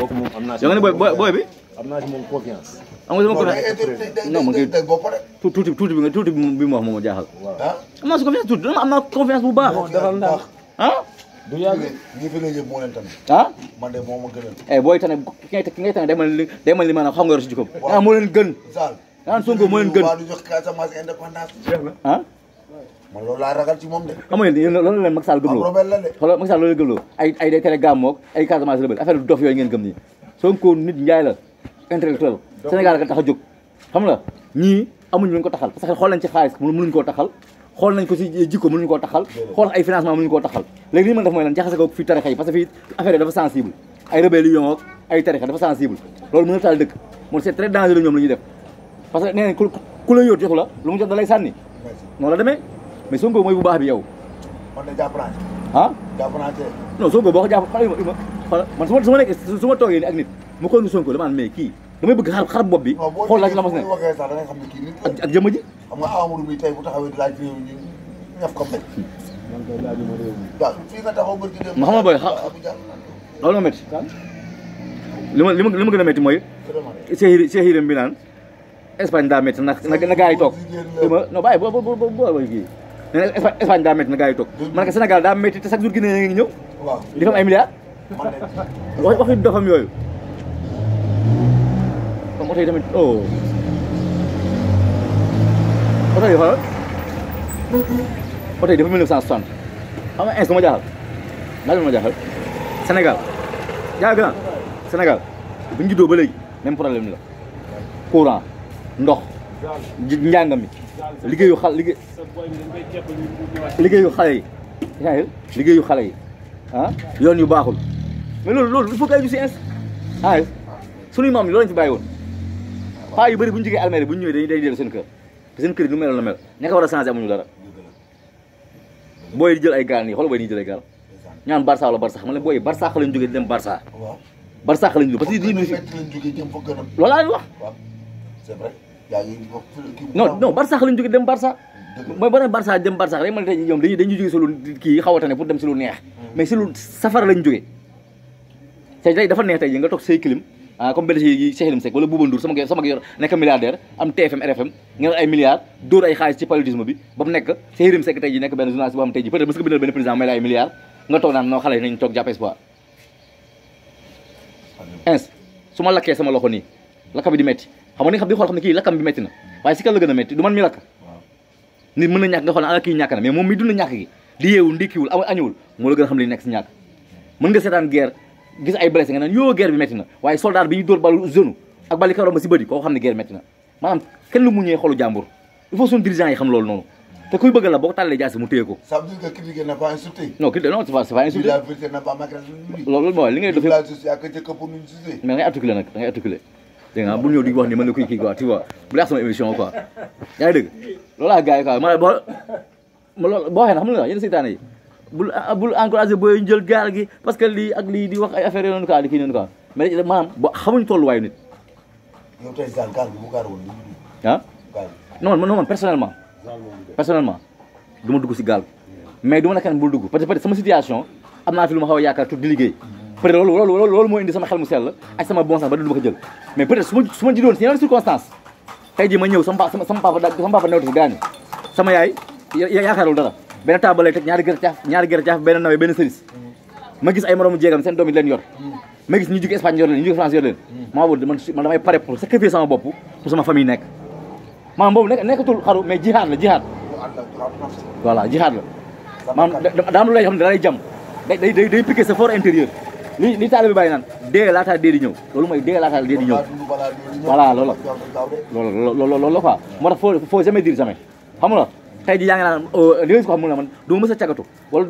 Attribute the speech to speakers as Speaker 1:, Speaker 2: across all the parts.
Speaker 1: kooku moom am naa si. da nga ne booy booy bi. am naa si moom confiance. am nga sama confiance non ma kii tuuti tuuti bi nga tuuti bi ma wax moom ah? am naa si confiance tuuti baax. Ah? ah. du yàgg ñi fi ngay yëg ma gënal. Eh, booy tane ki ki nga yor si jikkoom. waaw ah, moo leen gën. Sall. ah Sonko moo leen gën. waaw du jox Casamance na ah. man loolu laa ragal ci moom de xam nga yéen loolu leen Macky Sall gëm loo xoolal Macky Sall loolu gëm loo ay ay day tere gàmmoog ay Casamance rebelle affaire dof yooyu ngeen gëm nii Sonko nit njaay la intellectuel Sénégal ka tax a jóg xam la ñii amuñu luñ ko taxal parce que xool nañ ci xaalis mënuñ koo taxal xool nañ ko si dafa sensible ay rébellion noonu la demee mais Sonko mooy bu baax bi yow. man de jàpp naa ci. ah jàpp naa ci. non Sonko boo ko jàpp xale yu ma xale man su ma su toogee nii ak nit mu ko nu Sonko dama naan mais kii damay bëgg xar xar la mos ne waxee sax da xam ne kii nit ak ak jëmm ji. ko mbéy. man kay ma xam nga booy xa loolu ma métti. li ma li ma gën a métti mooy. Cheikh Yérim bi naan Espagne daa métti na na toog dama non Sénégal daa métti te chaque jour Guinée ngi ñëw di fa am ay milliards wax waxi yooyu comme oto yi tamit oh oto yi xoolal oto yi dafa 1960 xam ma jaaxal daa leen ma jaaxal Sénégal yaa Sénégal bu ñu juddoo problème la courant ndox njàng mi liggéeyu xal liggéey liggéeyu xale yi liggéeyu xale yi ah yu baaxul mais loolu loolu il faut que ay du si ins ah suñuy maam yi loolu lañ fi bàyyi woon paa yu bu ñu jógee bu ñu ñëwee dañuy day dellu seen kër te seen kër yi nu meloon la mel ñaka war a changé amuñu dara booy di jël ay gaal nii xool booy di jël ay gaal ñaan Barça wala Barça ma ne booy Barça lañ jógee di dem Barça Barça lañ jógee parce que di ñu fi yaa ngi non non Barça lañ jógee dem Barça. mooy ba ne Barça dem Barça rek man tey ñoom dañuy dañuy jógee si lu kii xaw a tane pour dem si lu neex. Hmm. mais si lu safara lañ jóge tey tey dafa neex tey nga toog say clim ah comme Belgique yi Cheikh Elim Seck wala Bouba sama sama yor nekk milliardaire am TFM RFM ngeen ay milliards bi ba mu nekk Cheikh Elim nekk benn journaliste boo xam tey ji peut être mës nga bindal benn président toog naan noo xale yi toog jàpp espoir ins su ma lakkee sama loxo nii lakka bi di metti xam nga ni xam ne kii lakkam bi métti mm. waaye si kan la gën a métti du man mi lakk nit mën na ñàkk nga xool ala ah, kii ñàkk na mais moom mi dund ñàkk gi di yeewul ndékkiwul amul añuwul moo la gën a xam li nekk si mm. mën nga seetaan guerre gis ay blessé nga naan yoo guerre bi métti waaye soldat bi ñu dóor balu zone ak bali kaw romba si bëri koo xam ne guerre métti na maanaam kenn lu muñee xolu jàmbur il faut suñu dirigeant yi xam loolu noonu mm. te ko tàllee jaasi a dégg nga ah, bul ñëw ah, ah, di wax ni mën na kuy kii quoi tu vois bu la sama émission quoi yaa ngi dégg loolu laa gars yi ma loolu boo waxee na xam nga yéen seytaane yi bul bul encouragé booy jël gaal gi parce que lii ak lii di wax ay affaire yoonu quoi di kii noonu quoi mais maanaam ba xamuñ tolluwaayu nit yow tey gaal gaal bi mu gaal woon ah non non man si gaal mais du ma nekk bul dugg parce que sama situation am naa fi lu ma xaw a yaakaar di liggéey peut lolo lolo lolo lolo moo indi sama xel mu sell ak sama bon sens ba du ma ko jël mais peut être su ma su ma ji doon si yeneen circonstance tey ji ma ñëw sama papa sama papa sama papa newtu si gaañu sama yaay ya-, ya-, yaakaarul dara benn taabal lay teg ñaari gër caaf ñaari gër caaf benn nawe benn sëris ma gis ay moroomu jéegam seen doom yi leen yor ma gis ñu jóge Espagne yor leen ñu jóge France yor leen maa boobu man man damay pare pour sacrifier sama bopp pour sama famille nekk maam boobu nek nekkatul xaru mais jihaad la jihaad voilà jihaad la maam daa am lu lay xam da lay jam day day day piqué sa fort intérieur li li taalibe bàyyi naan dee laataa dee di ñëw loolu mooy dee laataa dee di ñëw voilà loolu la loolu loolu la quoi moo tax faut faut jamais dire jamais xam nga tey jii yaa ngi naan euh, li nga ko xam mu ne man du ma mës a cagatu wala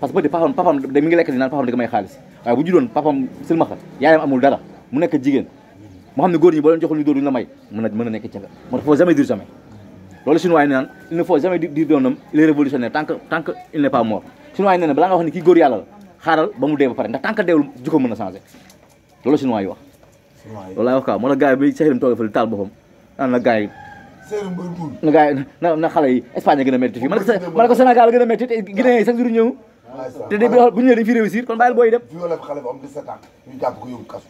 Speaker 1: parce que peut-être papam papam mi ngi lekk ni naan mu nekk jigéen moo xam ne ñi boo leen joxul ñu dóor duñu la may mën a mën a nekk caga moo tax faut jamais dire jamais loolu chinois yi naan il ne faut jamais dire d'un homme révolutionnaire tant que tant que il n'est pas mort chinois yi nee na nga wax ni kii góor yàlla la xaaral ba mu dee ba pare ndax tant que deewul jikko mën na changé loolu chinois yi wax. loolu laay wax quoi moo tax gars yi bi Cheikh toogee fële taal boppam naan na gars yi. na gars yi na na xale yi Espagne gën a métti fii man man ko Sénégal gën a métti te Guinée a chaque jour ñëw. te de bu ñu ñëwee dañu fi réussir kon bàyyil booy dem. bu ñu yore bi am 17 ans ñu jàpp ko yóbbu kaso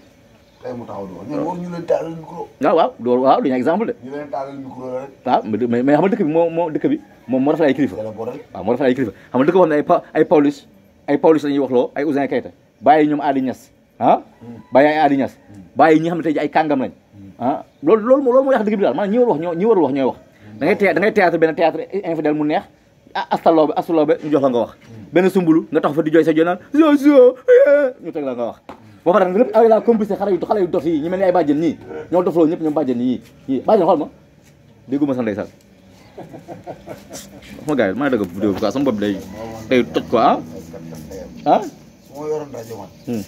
Speaker 1: tey mu taxaw doon ñun woon ñu leen taalal micro. waaw waaw loolu waaw du ñu exemple de. bi moo moo bi ay kilifa. ay Pawlish la ñuy waxloo ay Ousin Kayta bàyyi ñoom Adi ñoom ah bàyyi ay Adi Niass bàyyi ñi xam ne tey ji ay kàngam lañ ah, loolu loolu moo yàq dëgg bi daal maanaam ñi warul wax ñoo ñi warul wax ñooy wax da ngay da ngay théâtre benn théâtre infidèle ah, jox nga wax benn sumbulu nga tax fa di jooy sa jonaan so so ñu la nga wax boo fa tax lépp la complicé xale yu xale yu dof yi ñu mel ni ay bàjjen ñii ñoo dofloo ñëpp ñoom bàjjen yi ñii bàjjen xool ma dégguma sa ma gars yi maa ngi dëgg vidéo bi quoi sama bopp day day toj quoi ah. 어? 아? 송호여름 라디오만. 응.